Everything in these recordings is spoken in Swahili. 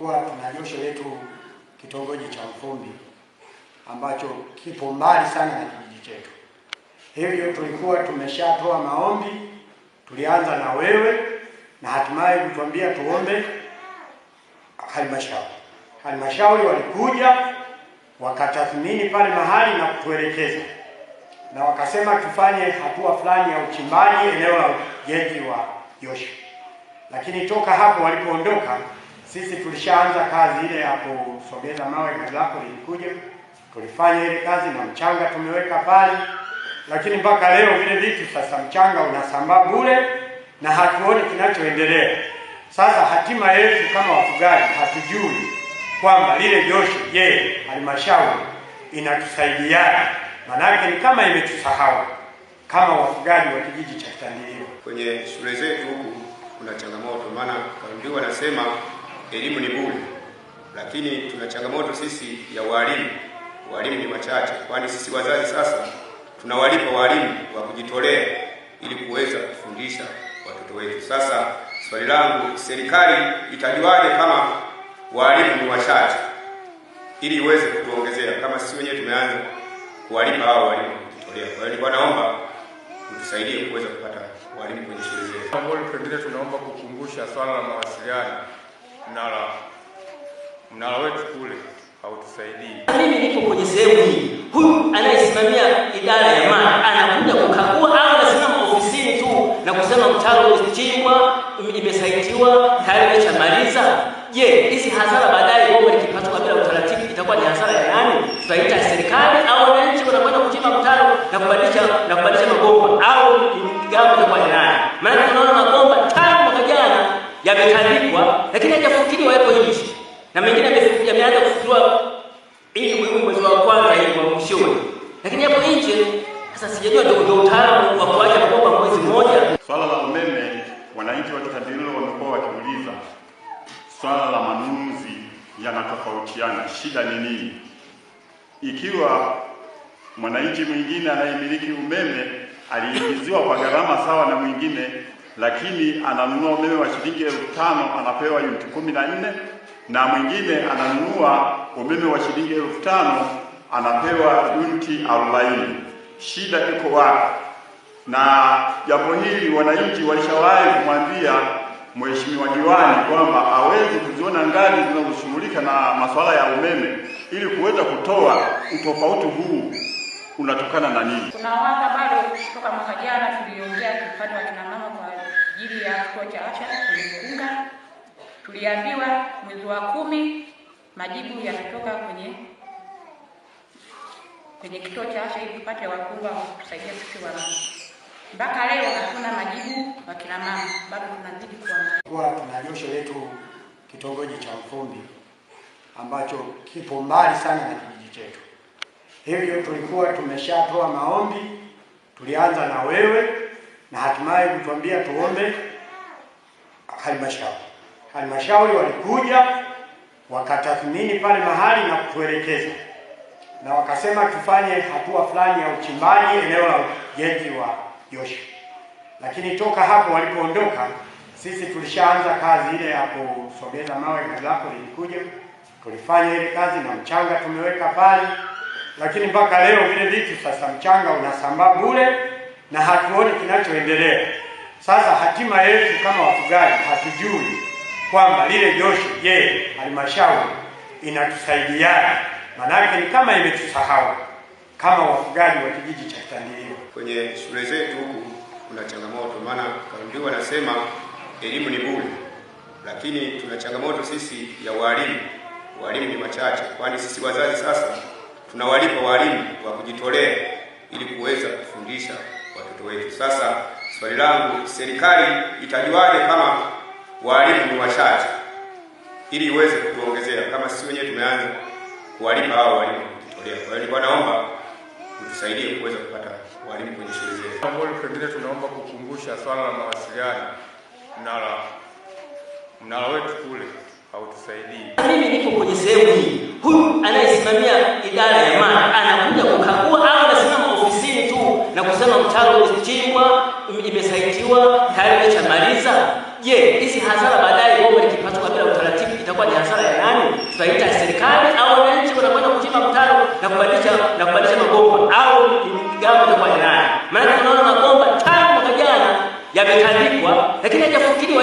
kuwa manyosho yetu kitongoji cha mfumbi ambacho kipo mbali sana na kijiji chetu, hivyo tulikuwa tumeshatoa maombi, tulianza na wewe na hatimaye kutuambia tuombe halmashauri. Halmashauri walikuja wakatathmini pale mahali na kutuelekeza na wakasema tufanye hatua fulani ya uchimbaji eneo la ujenzi wa Yoshi, lakini toka hapo walipoondoka sisi tulishaanza kazi ile ya kusogeza mawe, lako lilikuja, tulifanya ile kazi na mchanga tumeweka pale, lakini mpaka leo vile vitu sasa, mchanga unasambaa bure na hatuoni kinachoendelea. Sasa hatima yetu kama wafugaji, hatujui kwamba lile josho, je, halmashauri inatusaidiaje? Maanake ni kama imetusahau kama wafugaji wa kijiji cha Kitandililo. Kwenye shule zetu huku kuna changamoto, maana kaundiwa anasema elimu ni bure, lakini tuna changamoto sisi ya walimu. Walimu ni wachache, kwani sisi wazazi sasa tunawalipa walimu wa kujitolea ili kuweza kufundisha watoto wetu. Sasa swali langu, serikali itajuaje kama walimu ni wachache ili iweze kutuongezea kama sisi wenyewe tumeanza kuwalipa hao walimu kujitolea? Kwa hiyo nilikuwa naomba mtusaidie kuweza kupata walimu kwenye shule zetu. Pengine tunaomba kukumbusha swala la mawasiliano mnara mnara wetu kule hautusaidii. Mimi nipo kwenye sehemu hii, huyu anayesimamia idara ya maji anakuja kukagua au anasimama ofisini tu na kusema mtaro umechimbwa, imesaitiwa tayari, imeshamaliza? Je, hizi hasara baadaye bomba likipatwa bila utaratibu itakuwa ni hasara ya nani? Tutaita serikali au wananchi wanakwenda kuchimba mtaro na kubadilisha na kubadilisha mabomba au mgambo itakuwa ni nani? Maana tunaona mabomba yametandikwa, lakini hajafikiriwa hapo nje, na mengine yameanza kufikiriwa ili mwezi wa kwanza ili wa mwishoni, lakini hapo nje sasa sijajua ndio utaalamu wa kuacha kwa mwezi mmoja. Swala la umeme, wananchi wa Kitandililo wamekuwa wakiuliza swala la manunuzi yanatofautiana, shida ni nini? Ikiwa mwananchi mwingine anayemiliki umeme aliingiziwa kwa gharama sawa na mwingine lakini ananunua umeme wa shilingi elfu tano anapewa unit kumi na nne na mwingine ananunua umeme wa shilingi elfu tano anapewa uniti arobaini. Shida iko wapi? Na jambo hili wananchi walishawahi kumwambia mheshimiwa diwani kwamba hawezi kuziona ngazi zinazoshughulika na masuala ya umeme ili kuweza kutoa utofauti huu unatokana na nini? Kuna waka bado kutoka mwaka jana tuliongea kipande wa kina mama ajili ya kituo cha afya tulifunga. Tuliambiwa mwezi wa kumi majibu yanatoka kwenye kwenye kituo cha afya ili tupate wakubwa wa sisi wa mpaka leo hakuna majibu wa kina mama, bado tunazidi Kwa tuna josho letu kitongoji cha Mfumbi ambacho kipo mbali sana na kijiji chetu, hivyo tulikuwa tumeshatoa maombi, tulianza na wewe na hatimaye kutuambia tuombe halmashauri. Halmashauri walikuja wakatathmini pale mahali na kutuelekeza, na wakasema tufanye hatua fulani ya uchimbaji eneo la ujenzi wa joshi Lakini toka hapo walipoondoka, sisi tulishaanza kazi ile ya kusogeza mawe. Gari lako lilikuja, tulifanya ile kazi na mchanga tumeweka pale, lakini mpaka leo vile vitu sasa, mchanga unasambaa bure na hatuoni kinachoendelea. Sasa hatima yetu kama wafugaji, hatujui kwamba lile josho, je, halmashauri inatusaidiana? Maanake ni kama imetusahau kama wafugaji wa kijiji cha Kitandililo. Kwenye shule zetu huku kuna changamoto, maana Karundi wanasema elimu ni bure, lakini tuna changamoto sisi ya walimu. Walimu ni machache kwani sisi wazazi sasa tunawalipa walimu wa kujitolea ili kuweza kufundisha watoto wetu. Sasa swali langu, serikali itajuaje kama walimu ni wachache ili iweze kutuongezea kama sisi wenyewe tumeanza kuwalipa hao walimu kujitolea? Kwa hiyo naomba mtusaidie kuweza kupata walimu kwenye shule zetu. pengine tunaomba kukumbusha swala la mawasiliano, mnara mnara wetu kule hautusaidii. Mimi niko kwenye sehemu hii, huyu anayesimamia idara ya maji anakuja kukagua au na kusema mtaro umechimbwa, imesaitiwa tayari imechamaliza Je, hizi hasara baadaye bomba likipatwa bila utaratibu itakuwa ni hasara ya nani? Tutaita serikali au wananchi wanakwenda kuchimba mtaro na kubadilisha na kubadilisha mabomba au migamo itakuwa ni nani? Maana tunaona mabomba tano mwaka jana yametandikwa, lakini hajafikiriwa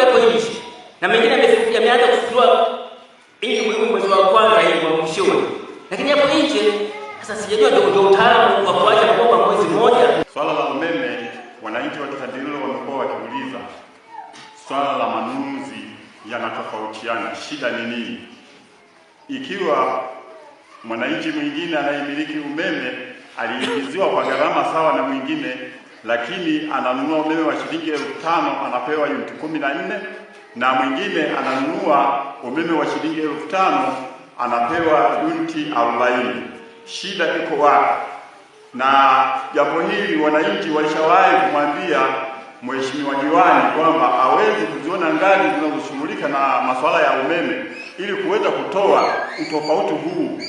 yanatofautiana. Shida ni nini? Ikiwa mwananchi mwingine anayemiliki umeme aliingiziwa kwa gharama sawa na mwingine, lakini ananunua umeme wa shilingi elfu tano anapewa yuniti kumi na nne na mwingine ananunua umeme wa shilingi elfu tano anapewa yuniti arobaini. Shida iko wapi? Na jambo hili wananchi walishawahi kumwambia mheshimiwa diwani kwamba awezi kuziona ndani zinazoshughulika na masuala ya umeme ili kuweza kutoa utofauti huu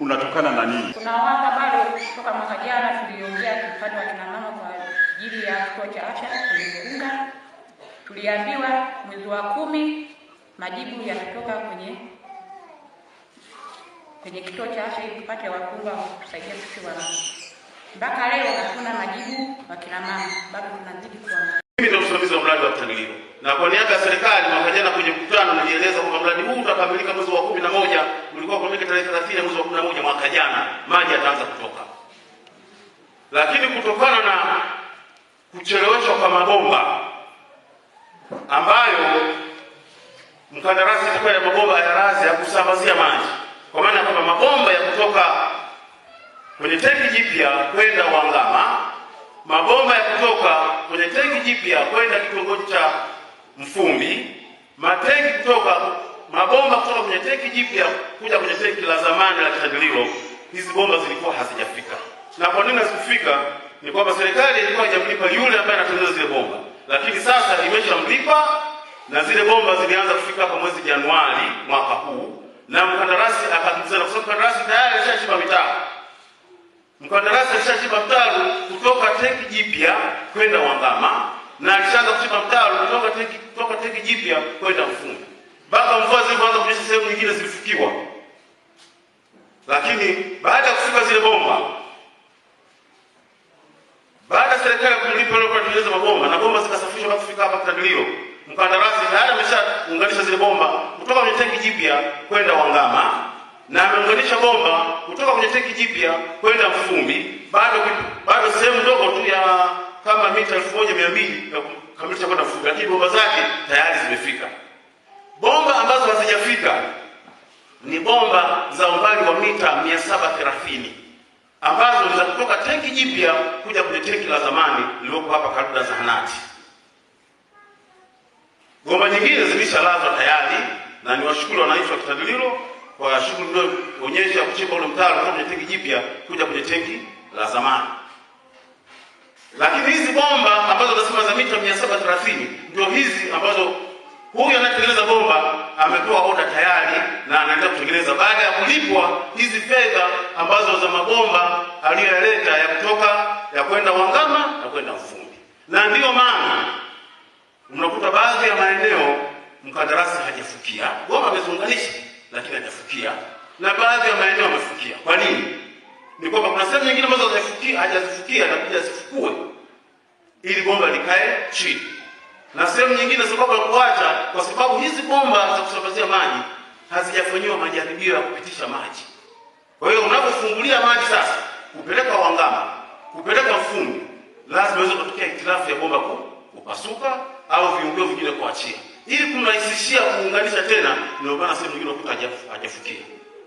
unatokana na nini? kuna Tunawaka bado kutoka mwaka jana tuliongea upande wa kina mama kwa ajili ya kituo cha afya kuliunga, tuliambiwa mwezi wa kumi majibu yanatoka kwenye kwenye kituo cha afya ili tupate wakunga wa kusaidia sisi wana mpaka leo hakuna majibu kwa kina mama, bado tunazidi kuangalia. Mimi ndio msimamizi wa mradi wa Kutanilio na kwa niaba ya serikali mwaka jana kwenye mkutano nilieleza kwamba mradi huu utakamilika mwezi wa kumi na moja, ulikuwa ukamilika tarehe ya mwezi wa kumi na moja mwaka jana, maji yataanza kutoka, lakini kutokana na kucheleweshwa kwa mabomba ambayo mkandarasi ya mabomba ya razi ya kusambazia maji, kwa maana kwamba mabomba ya kutoka kwenye tenki jipya kwenda Wangama, mabomba ya kutoka kwenye tenki jipya kwenda kitongoji cha Mfumi, matenki kutoka mabomba kutoka kwenye tenki jipya kuja kwenye tenki la zamani la Kitandililo. Hizi bomba zilikuwa hazijafika, na kwa nini hazikufika? Ni kwamba serikali ilikuwa haijamlipa yule ambaye anatengeneza zile bomba, lakini sasa imeshamlipa na zile bomba zilianza kufika hapa mwezi Januari mwaka huu, na mkandarasi akakimbizana, kwa sababu mkandarasi tayari alishachimba mitaa Mkandarasi alishachiba mtaro kutoka tenki jipya kwenda Wangama na alishaanza kuchimba mtaro kutoka tenki kutoka tenki jipya kwenda Mfumo Mpaka mvua zilipoanza kunyesha sehemu nyingine zilifikiwa. Lakini baada ya kufika zile bomba baada serikali kulipa ile kutengeneza mabomba na bomba zikasafishwa na kufika hapa kitandilio. Mkandarasi tayari ameshaunganisha zile bomba kutoka kwenye tenki jipya kwenda Wangama na ameunganisha bomba kutoka kwenye teki jipya kwenda Mfumi, bado bado sehemu ndogo tu ya kama mita elfu moja mia mbili ya kukamilisha kwenda Mfumi, lakini bomba zake tayari zimefika. Bomba ambazo hazijafika ni bomba za umbali wa mita mia saba thelathini ambazo za kutoka tenki jipya kuja kwenye tenki la zamani lililoko hapa karibu na zahanati. Bomba nyingine zilishalazwa tayari, na niwashukuru wananchi wa Kitandililo kwa shughuli niliyoonyesha kuchimba ule mtaro kutoka kwenye tenki jipya kuja kwenye tenki la zamani. Lakini hizi bomba ambazo nasema za mita 730 ndio hizi ambazo huyu anayetengeneza bomba amepewa oda tayari na anaenda kutengeneza baada ya kulipwa hizi fedha ambazo za mabomba aliyoyaleta ya kutoka ya kwenda Wangama na kwenda ufundi Na ndiyo maana mnakuta baadhi ya maeneo mkandarasi hajafikia, bomba ameziunganisha lakini hajafukia, na baadhi ya maeneo yamefukia. Kwa nini? Ni kwamba kuna sehemu nyingine ambazo hajafikia, hajazifukia na pia zifukue ili bomba likae chini, na sehemu nyingine sababu ya kuacha, kwa sababu hizi bomba za kusambazia maji hazijafanyiwa majaribio ya kupitisha maji. Kwa hiyo unapofungulia maji sasa kupeleka Wangama, kupeleka fundi, lazima iweze kutokea hitilafu ya bomba kupasuka au viungio vingine kuachia ili kumrahisishia kuunganisha tena, ndio maana sehemu nyingine unakuta hajafikia.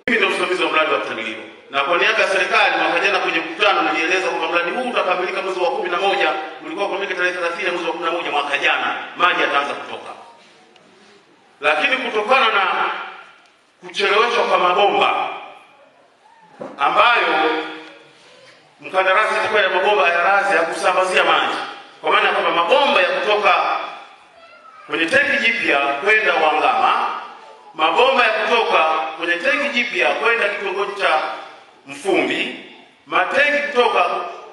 Mimi ndio msimamizi wa mradi wa Kitangilio, na kwa niaba ya serikali mwaka jana kwenye mkutano nilieleza kwamba mradi huu utakamilika mwezi wa kumi na moja, ulikuwa ukamilika tarehe 30 mwezi wa kumi na moja mwaka jana, maji yataanza kutoka, lakini kutokana na kucheleweshwa kwa mabomba ambayo mkandarasi ya mabomba ya razi ya kusambazia maji, kwa maana ya kwamba mabomba ya kutoka kwenye tenki jipya kwenda Wangama, mabomba ya kutoka kwenye tenki jipya kwenda kitongoji cha Mfumbi, matenki kutoka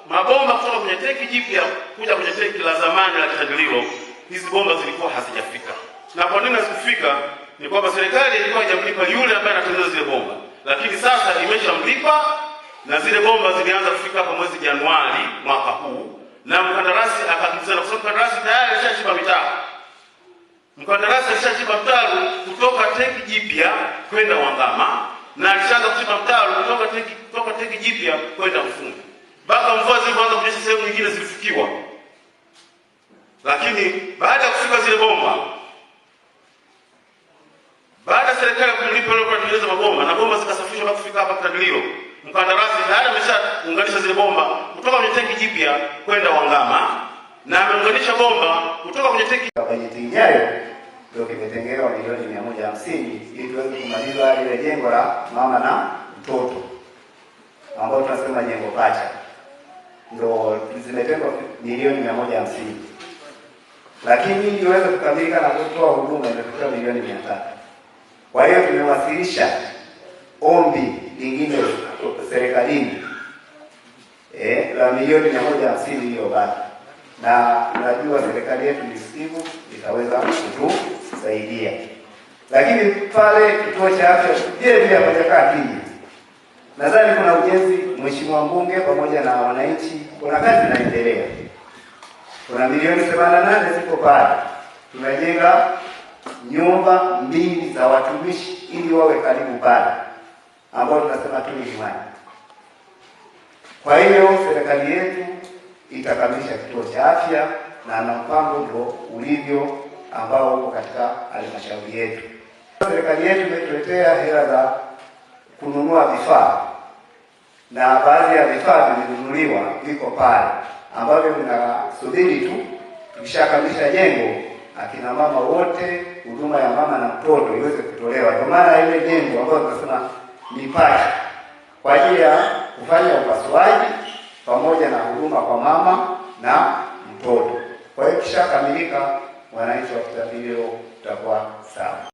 mabomba kutoka kwenye tenki jipya kuja kwenye tenki la zamani la Kitandililo. Hizi bomba zilikuwa hazijafika, na kwa nini hazikufika? Ni kwamba serikali ilikuwa haijamlipa yule ambaye anatengeneza zile bomba, lakini sasa imeshamlipa na zile bomba zilianza kufika hapa mwezi Januari mwaka huu, na mkandarasi akakizana, kwa sababu mkandarasi tayari ashashiba mitaa Mkandarasi alishachiba mtaro kutoka tenki jipya kwenda Wangama na alishaanza kuchimba mtaro kutoka tenki kutoka tenki jipya kwenda Mfungu mpaka mvua zilipoanza kunyesha sehemu nyingine zilifikiwa, lakini baada ya kufika zile bomba, baada ya serikali kulipa ile kutengeneza mabomba na bomba zikasafishwa mpaka kufika hapa Kitandililo, mkandarasi tayari ameshaunganisha zile bomba kutoka kwenye tenki jipya kwenda Wangama na ameunganisha bomba kutoka kwenye tenki ijayo ndio kimetengewa milioni mia moja hamsini ili tuweze kumaliza lile jengo la mama na mtoto ambao tunasema jengo pacha, ndio zimetengwa milioni mia moja hamsini lakini ili iweze kukamilika na kutoa huduma imefika milioni mia tatu Kwa hiyo tumewasilisha ombi lingine serikalini eh, la milioni mia moja hamsini iliyobaki, na unajua serikali yetu ni sikivu, itaweza kutu kumsaidia. Lakini pale kituo cha afya vile vile hapajakaa kimya. Nadhani kuna ujenzi, mheshimiwa mbunge pamoja na wananchi, kuna kazi inaendelea. Kuna milioni 88 ziko pale, tunajenga nyumba mbili za watumishi ili wawe karibu pale, ambao tunasema tu imani. Kwa hiyo serikali yetu itakamilisha kituo cha afya na na mpango ndio ulivyo ambao uko katika halmashauri yetu. Serikali yetu imetuletea hela za kununua vifaa na baadhi ya vifaa vilinunuliwa viko pale ambavyo vinasubiri tu tukishakamilisha jengo, akina mama wote, huduma ya mama na mtoto iweze kutolewa. Kwa maana ile jengo ambayo tunasema ni pacha kwa ajili ya kufanya upasuaji pamoja na huduma kwa mama na mtoto. Kwa hiyo kishakamilika wananchi wakutabiriwa utakuwa sawa.